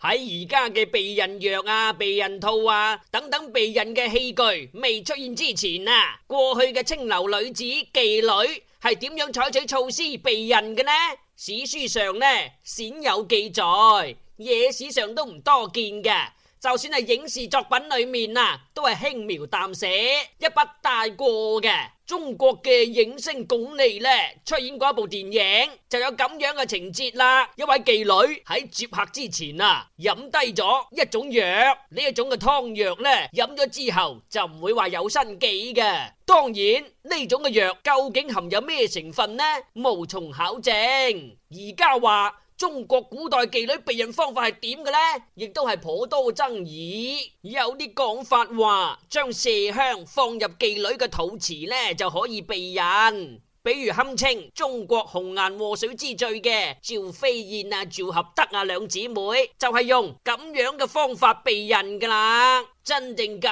喺而家嘅避孕藥啊、避孕套啊等等避孕嘅器具未出現之前啊，過去嘅青樓女子妓女係點樣採取措施避孕嘅呢？史書上呢鮮有記載，野史上都唔多見嘅。就算係影視作品裏面啊，都係輕描淡寫一筆帶過嘅。中國嘅影星鞏俐呢，出演過一部電影就有咁樣嘅情節啦。一位妓女喺接客之前啊，飲低咗一種藥，呢一種嘅湯藥呢，飲咗之後就唔會話有身紀嘅。當然呢種嘅藥究竟含有咩成分呢？無從考證。而家話。中國古代妓女避孕方法係點嘅呢？亦都係頗多嘅爭議。有啲講法話，將麝香放入妓女嘅肚臍呢，就可以避孕。比如堪稱中國紅顏禍水之罪嘅趙飛燕啊、趙合德啊兩姊妹，就係、是、用咁樣嘅方法避孕噶啦。真定假？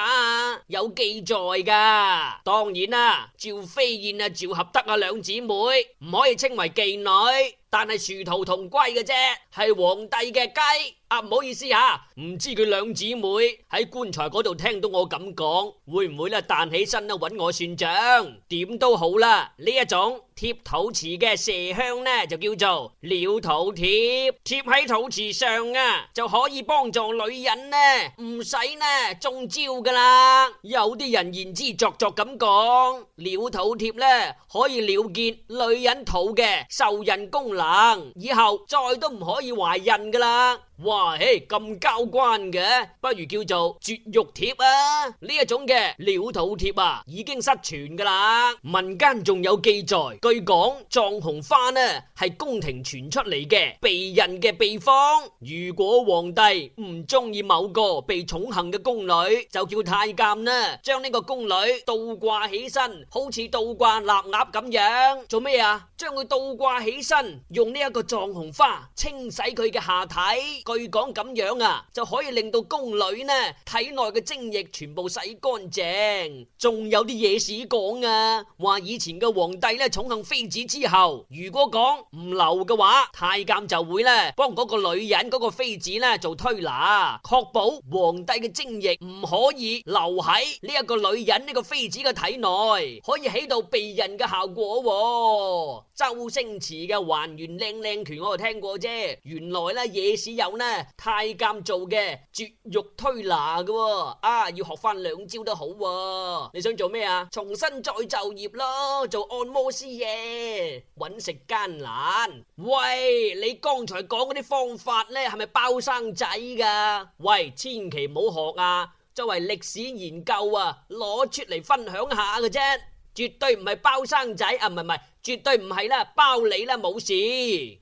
有記載噶。當然啦、啊，趙飛燕啊、趙合德啊兩姊妹唔可以稱為妓女，但係殊途同歸嘅啫，係皇帝嘅雞。啊，唔好意思吓、啊，唔知佢兩姊妹喺棺材嗰度聽到我咁講，會唔會咧彈起身咧搵我算賬？點都好啦，呢一種。貼肚臍嘅麝香呢就叫做了肚貼，貼喺肚臍上啊就可以幫助女人呢唔使呢中招噶啦。有啲人言之鑿鑿咁講，了肚貼呢可以了結女人肚嘅受孕功能，以後再都唔可以懷孕噶啦。哇！嘿，咁交關嘅，不如叫做絕育貼啊。呢一種嘅鳥土貼啊，已經失傳噶啦。民間仲有記載，據講藏紅花呢係宮廷傳出嚟嘅避孕嘅秘方。如果皇帝唔中意某個被寵幸嘅宮女，就叫太監呢，將呢個宮女倒掛起身，好似倒掛臘鴨咁樣。做咩啊？將佢倒掛起身，用呢一個藏紅花清洗佢嘅下體。據講咁樣啊，就可以令到宮女呢體內嘅精液全部洗乾淨。仲有啲野史講啊，話以前嘅皇帝咧寵幸妃子之後，如果講唔留嘅話，太監就會咧幫嗰個女人嗰個妃子咧做推拿，確保皇帝嘅精液唔可以留喺呢一個女人呢個妃子嘅體內，可以起到避孕嘅效果喎。周星馳嘅還原靚靚拳我係聽過啫，原來咧野史有。呢太監做嘅絕育推拿嘅，啊，要學翻兩招都好。你想做咩啊？重新再就業咯，做按摩師嘢，揾食艱難。喂，你剛才講嗰啲方法呢，係咪包生仔噶？喂，千祈唔好學啊！作為歷史研究啊，攞出嚟分享下嘅啫，絕對唔係包生仔啊！唔係唔係，絕對唔係啦，包你啦，冇事。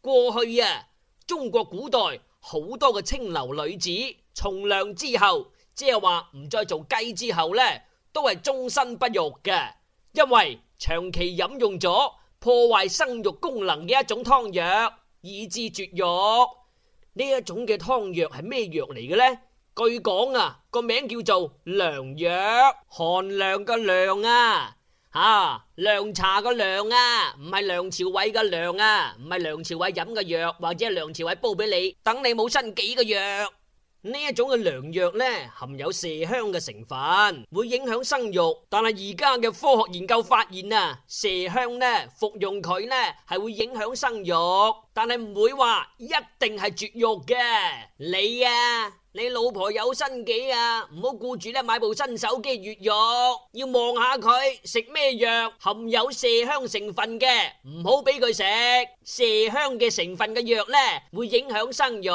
過去啊。中國古代好多嘅青樓女子從良之後，即係話唔再做雞之後呢，都係終身不育嘅，因為長期飲用咗破壞生育功能嘅一種湯藥，以至絕育。呢一種嘅湯藥係咩藥嚟嘅呢？據講啊，個名叫做涼藥，寒涼嘅涼啊。吓涼茶個涼啊，唔係、啊、梁朝偉個涼啊，唔係梁朝偉飲嘅藥，或者係梁朝偉煲俾你等你冇身幾個藥，呢一種嘅涼藥呢，含有麝香嘅成分，會影響生育。但係而家嘅科學研究發現啊，麝香呢服用佢呢係會影響生育，但係唔會話一定係絕育嘅。你啊。你老婆有身紀啊，唔好顧住咧買部新手機越獄，要望下佢食咩藥，含有麝香成分嘅，唔好俾佢食麝香嘅成分嘅藥呢，會影響生育。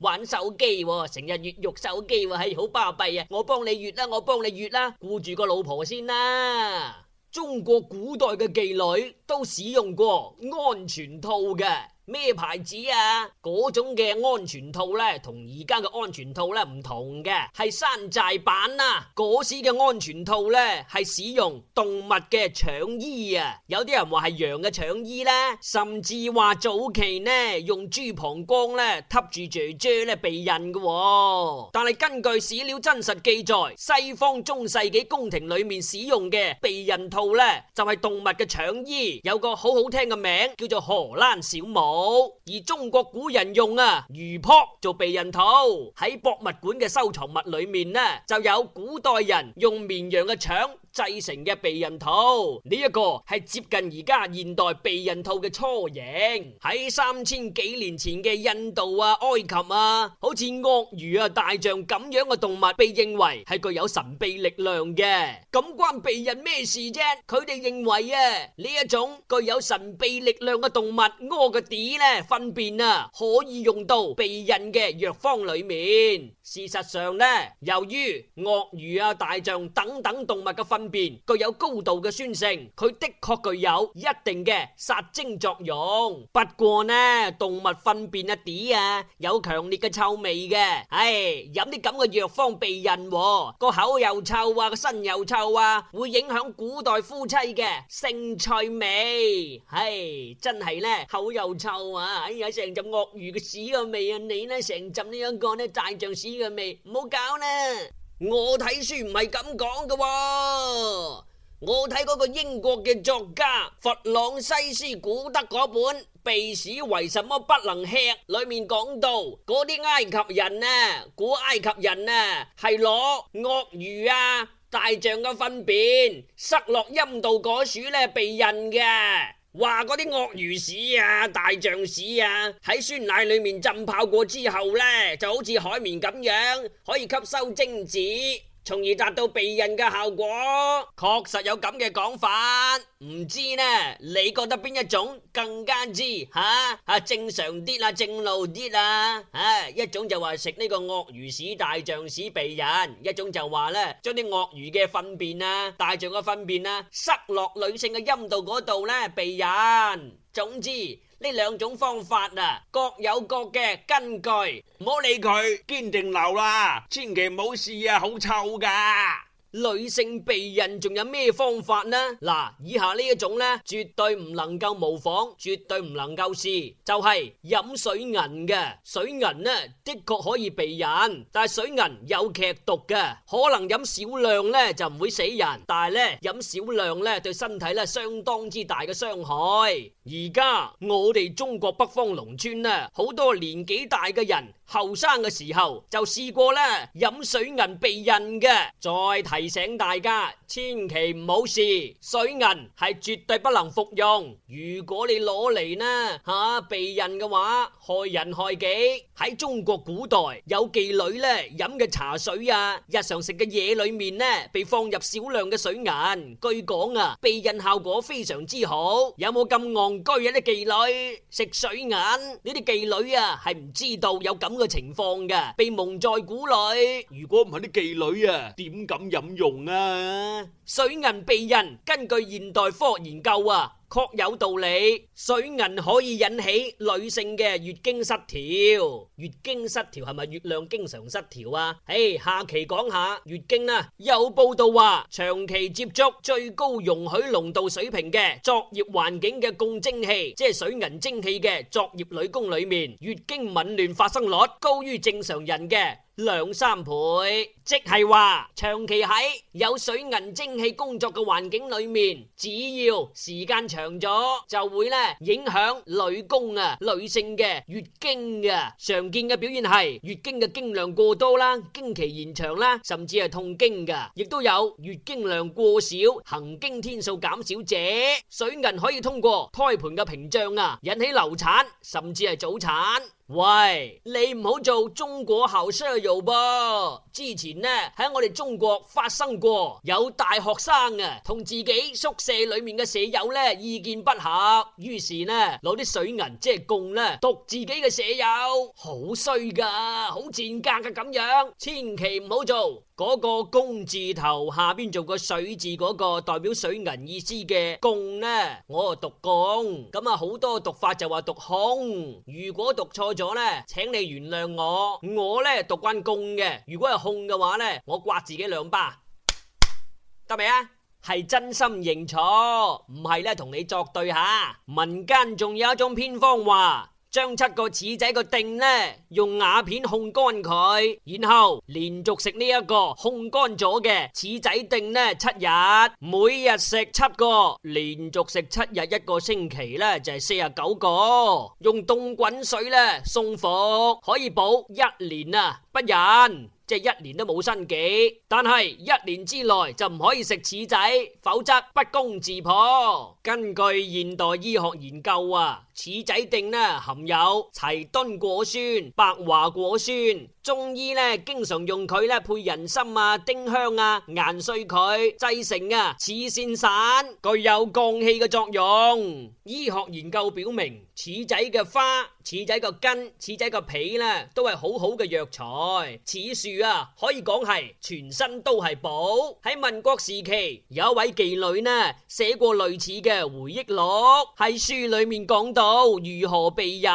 玩手機啊，成日越獄手機係好巴閉啊！我幫你越啦，我幫你越啦，顧住個老婆先啦。中國古代嘅妓女都使用過安全套嘅。咩牌子啊？嗰種嘅安全套呢，同而家嘅安全套呢唔同嘅，係山寨版啊。嗰時嘅安全套呢，係使用動物嘅腸衣啊。有啲人話係羊嘅腸衣呢，啊，甚至話早期呢用豬膀胱呢吸住 j j 呢避孕嘅，哦。但係根據史料真實記載，西方中世紀宮廷裏面使用嘅避孕套呢，就係、是、動物嘅腸衣，有個好好聽嘅名叫做荷蘭小網。好，而中國古人用啊魚泡做避孕套，喺博物館嘅收藏物裏面呢，就有古代人用綿羊嘅腸，製成嘅避孕套呢一，這個係接近而家現代避孕套嘅雛形。喺三千幾年前嘅印度啊、埃及啊，好似鱷魚啊、大象咁樣嘅動物，被認為係具有神秘力量嘅。咁關避孕咩事啫？佢哋認為啊，呢一種具有神秘力量嘅動物屙嘅屎咧、糞便啊，可以用到避孕嘅藥方裏面。事實上呢，由於鱷魚啊、大象等等動物嘅糞便具有高度嘅酸性，佢的確具有一定嘅殺精作用。不過呢，動物糞便啊啲啊有強烈嘅臭味嘅，唉，飲啲咁嘅藥方避孕，個口又臭啊，個身又臭啊，會影響古代夫妻嘅性趣味。唉，真係呢，口又臭啊，哎呀，成浸鱷魚嘅屎個味啊，你呢，成浸呢一個呢大象屎。呢個味唔好搞啦，哦！我睇書唔係咁講噶，我睇嗰個英國嘅作家弗朗西斯古德嗰本《鼻屎為什麼不能吃》，裏面講到嗰啲埃及人啊，古埃及人啊，係攞鱷魚啊、大象嘅糞便塞落陰道嗰處嚟，避孕嘅。話嗰啲鱷魚屎啊、大象屎啊，喺酸奶裏面浸泡過之後呢，就好似海綿咁樣，可以吸收精子。從而達到避孕嘅效果，確實有咁嘅講法。唔知呢，你覺得邊一種更加之，啊啊、正常啲啦，正路啲啦？一種就話食呢個鱷魚屎、大象屎避孕，一種就話呢將啲鱷魚嘅糞便、大象嘅糞便啊塞落女性嘅陰道嗰度呢避孕。總之。呢兩種方法啊，各有各嘅根據，唔好理佢，堅定留啦，千祈唔好試呀，好臭㗎。女性避孕仲有咩方法呢？嗱，以下呢一種呢，絕對唔能夠模仿，絕對唔能夠試，就係飲水銀嘅。水銀呢的確可以避孕，但係水銀有劇毒嘅，可能飲少量呢就唔會死人，但係呢飲少量呢對身體呢相當之大嘅傷害。而家我哋中國北方農村呢，好多年紀大嘅人。後生嘅時候就試過咧飲水銀避孕嘅。再提醒大家千祈唔好試，水銀係絕對不能服用。如果你攞嚟呢吓避孕嘅話，害人害己。喺中國古代有妓女咧飲嘅茶水啊、日常食嘅嘢裏面呢被放入少量嘅水銀，據講啊避孕效果非常之好。有冇咁戇居一啲妓女食水銀？呢啲妓女啊，係唔知道有咁。咁嘅情況㗎，被蒙在鼓裏。如果唔係啲妓女啊，點敢飲用啊？水銀避孕，根據現代科學研究啊。確有道理，水銀可以引起女性嘅月經失調。月經失調係咪月亮經常失調啊？唉，hey，下期講下月經啦。有報道話，長期接觸最高容許濃度水平嘅作業環境嘅汞蒸氣，即係水銀蒸氣嘅作業女工裏面，月經紊亂發生率高於正常人嘅兩三倍，即係話長期喺有水銀蒸氣工作嘅環境裏面，只要時間長咗，就會咧影響女工啊，女性嘅月經嘅常見嘅表現係月經嘅經量過多啦，經期延長啦，甚至係痛經㗎，亦都有月經量過少、行經天數減少者。水銀可以通過胎盤嘅屏障啊，引起流產，甚至係早產。喂，你唔好做中國後生去做噃。之前呢喺我哋中國發生過，有大學生啊，同自己宿舍裏面嘅舍友呢意見不合，於是呢攞啲水銀即係汞呢毒自己嘅舍友，好衰噶，好賤格噶咁樣，千祈唔好做。嗰個工字頭下邊做個水字嗰個代表水銀意思嘅貢呢，我啊讀貢，咁啊好多讀法就話讀空。如果讀錯咗呢，請你原諒我。我呢讀慣貢嘅，如果係空嘅話呢，我刮自己兩巴得未啊？係 真心認錯，唔係呢同你作對吓。民間仲有一種偏方話，將七個柿仔個椗呢，用瓦片烘乾佢，然後連續食呢一個烘乾咗嘅柿仔椗呢，七日，每日食七個，連續食七日一個星期呢，就係四十九個。用凍滾水呢送服，可以保一年啊，不孕，即係一年都冇新記。但係一年之內就唔可以食柿仔，否則不攻自破。根據現代醫學研究啊。柿仔定呢，含有齊墩果酸、白樺果酸，中醫呢經常用佢呢配人參啊、丁香啊、研碎佢製成啊，柿錢散具有降氣嘅作用。醫學研究表明，柿仔嘅花、柿仔嘅根、柿仔嘅皮呢，都係好好嘅藥材。此樹啊，可以講係全身都係寶。喺民國時期，有一位妓女呢寫過類似嘅回憶錄，喺書裏面講到。如何避孕？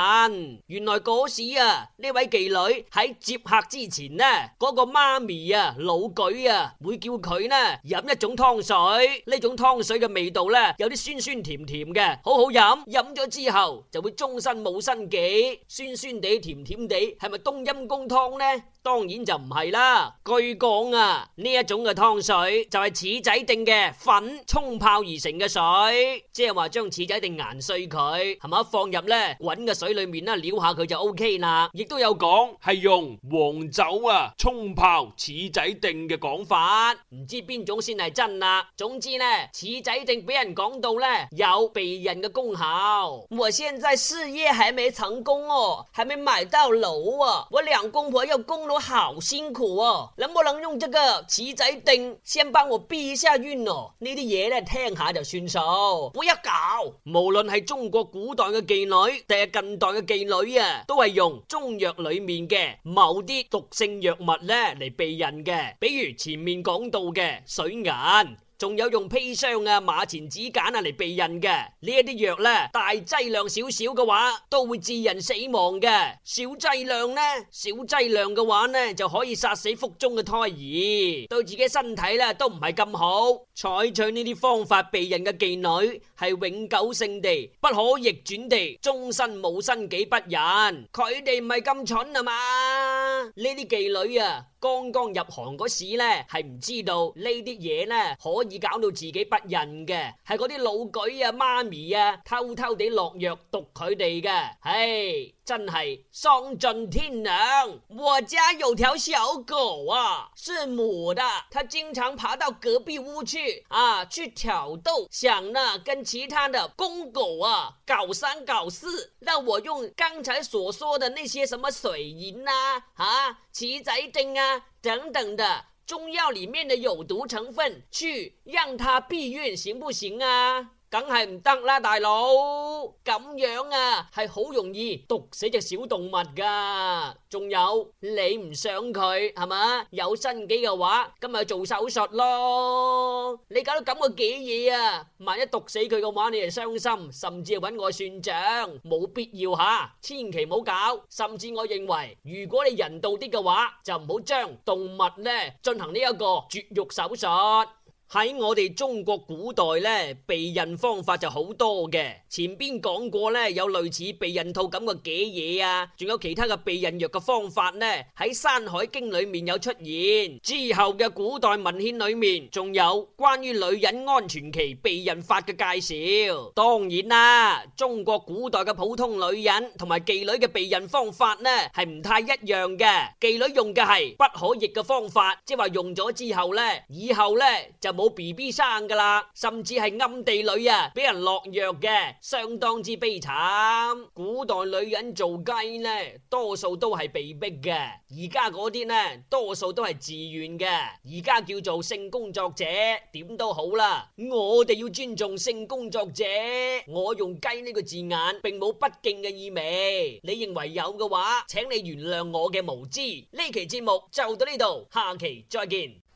原來嗰時啊，呢位妓女喺接客之前呢，嗰、嗰個媽咪啊老舉啊，會叫佢呢飲一種湯水，呢種湯水嘅味道呢，有啲酸酸甜甜嘅，好好飲。飲咗之後就會終身冇生計，酸酸地甜甜地，係咪冬陰公湯呢？當然就唔係啦，據講啊，呢一種嘅湯水就係柿仔定嘅粉沖泡而成嘅水，即係話將柿仔定研碎佢，係咪啊，放入呢滾嘅水裏面啦，撩下佢就 OK 啦。亦都有講係用黃酒啊沖泡柿仔定嘅講法，唔知邊種先係真啦。總之呢，柿仔定俾人講到呢有避孕嘅功效。我現在事業還沒成功哦，還沒買到樓哦，我兩公婆要供。我好辛苦哦，能不能用這個奇仔定先幫我避一下孕？哦？呢啲嘢咧聽下就算數，不一搞。無論係中國古代嘅妓女，定係近代嘅妓女啊，都係用中藥裏面嘅某啲毒性藥物咧嚟避孕嘅，比如前面講到嘅水銀。仲有用砒霜啊、馬錢子鹼啊嚟避孕嘅呢一啲藥呢，大劑量少少嘅話都會致人死亡嘅，小劑量呢，小劑量嘅話呢就可以殺死腹中嘅胎兒，對自己身體呢都唔係咁好。採取呢啲方法避孕嘅妓女係永久性地不可逆轉地，終身冇身己不忍。佢哋唔係咁蠢啊嘛？呢啲妓女啊，剛剛入行嗰時呢係唔知道呢啲嘢呢可。而搞到自己不仁嘅係嗰啲老舉啊媽咪啊偷偷地落藥毒佢哋嘅。唉、hey, 真係喪盡天良！我家有條小狗啊，是母的，它經常爬到隔壁屋去啊，去挑逗，想呢跟其他的公狗啊搞三搞四，讓我用剛才所說的那些什麼水銀啊、啊磁仔精啊等等的。中藥裏面的有毒成分，去讓它避孕行不行啊？梗係唔得啦，大佬，咁樣啊係好容易毒死隻小動物噶。仲有你唔想佢係嘛？有身紀嘅話，今日做手術咯。你搞到咁個幾嘢啊！萬一毒死佢嘅話，你就傷心，甚至係搵我算賬，冇必要吓，千祈唔好搞。甚至我認為，如果你人道啲嘅話，就唔好將動物呢進行呢一個絕育手術。喺我哋中國古代咧避孕方法就好多嘅，前邊講過咧有類似避孕套咁嘅幾嘢啊，仲有其他嘅避孕藥嘅方法咧，喺《山海經》裏面有出現。之後嘅古代文獻裏面，仲有關於女人安全期避孕法嘅介紹。當然啦，中國古代嘅普通女人同埋妓女嘅避孕方法呢係唔太一樣嘅，妓女用嘅係不可逆嘅方法，即係話用咗之後咧，以後咧就。冇 B B 生噶啦，甚至係暗地裏啊，俾人落藥嘅，相當之悲慘。古代女人做雞呢，多數都係被逼嘅，而家嗰啲呢，多數都係自願嘅。而家叫做性工作者，點都好啦，我哋要尊重性工作者。我用雞呢個字眼，並冇不敬嘅意味。你認為有嘅話，請你原諒我嘅無知。呢期節目就到呢度，下期再見。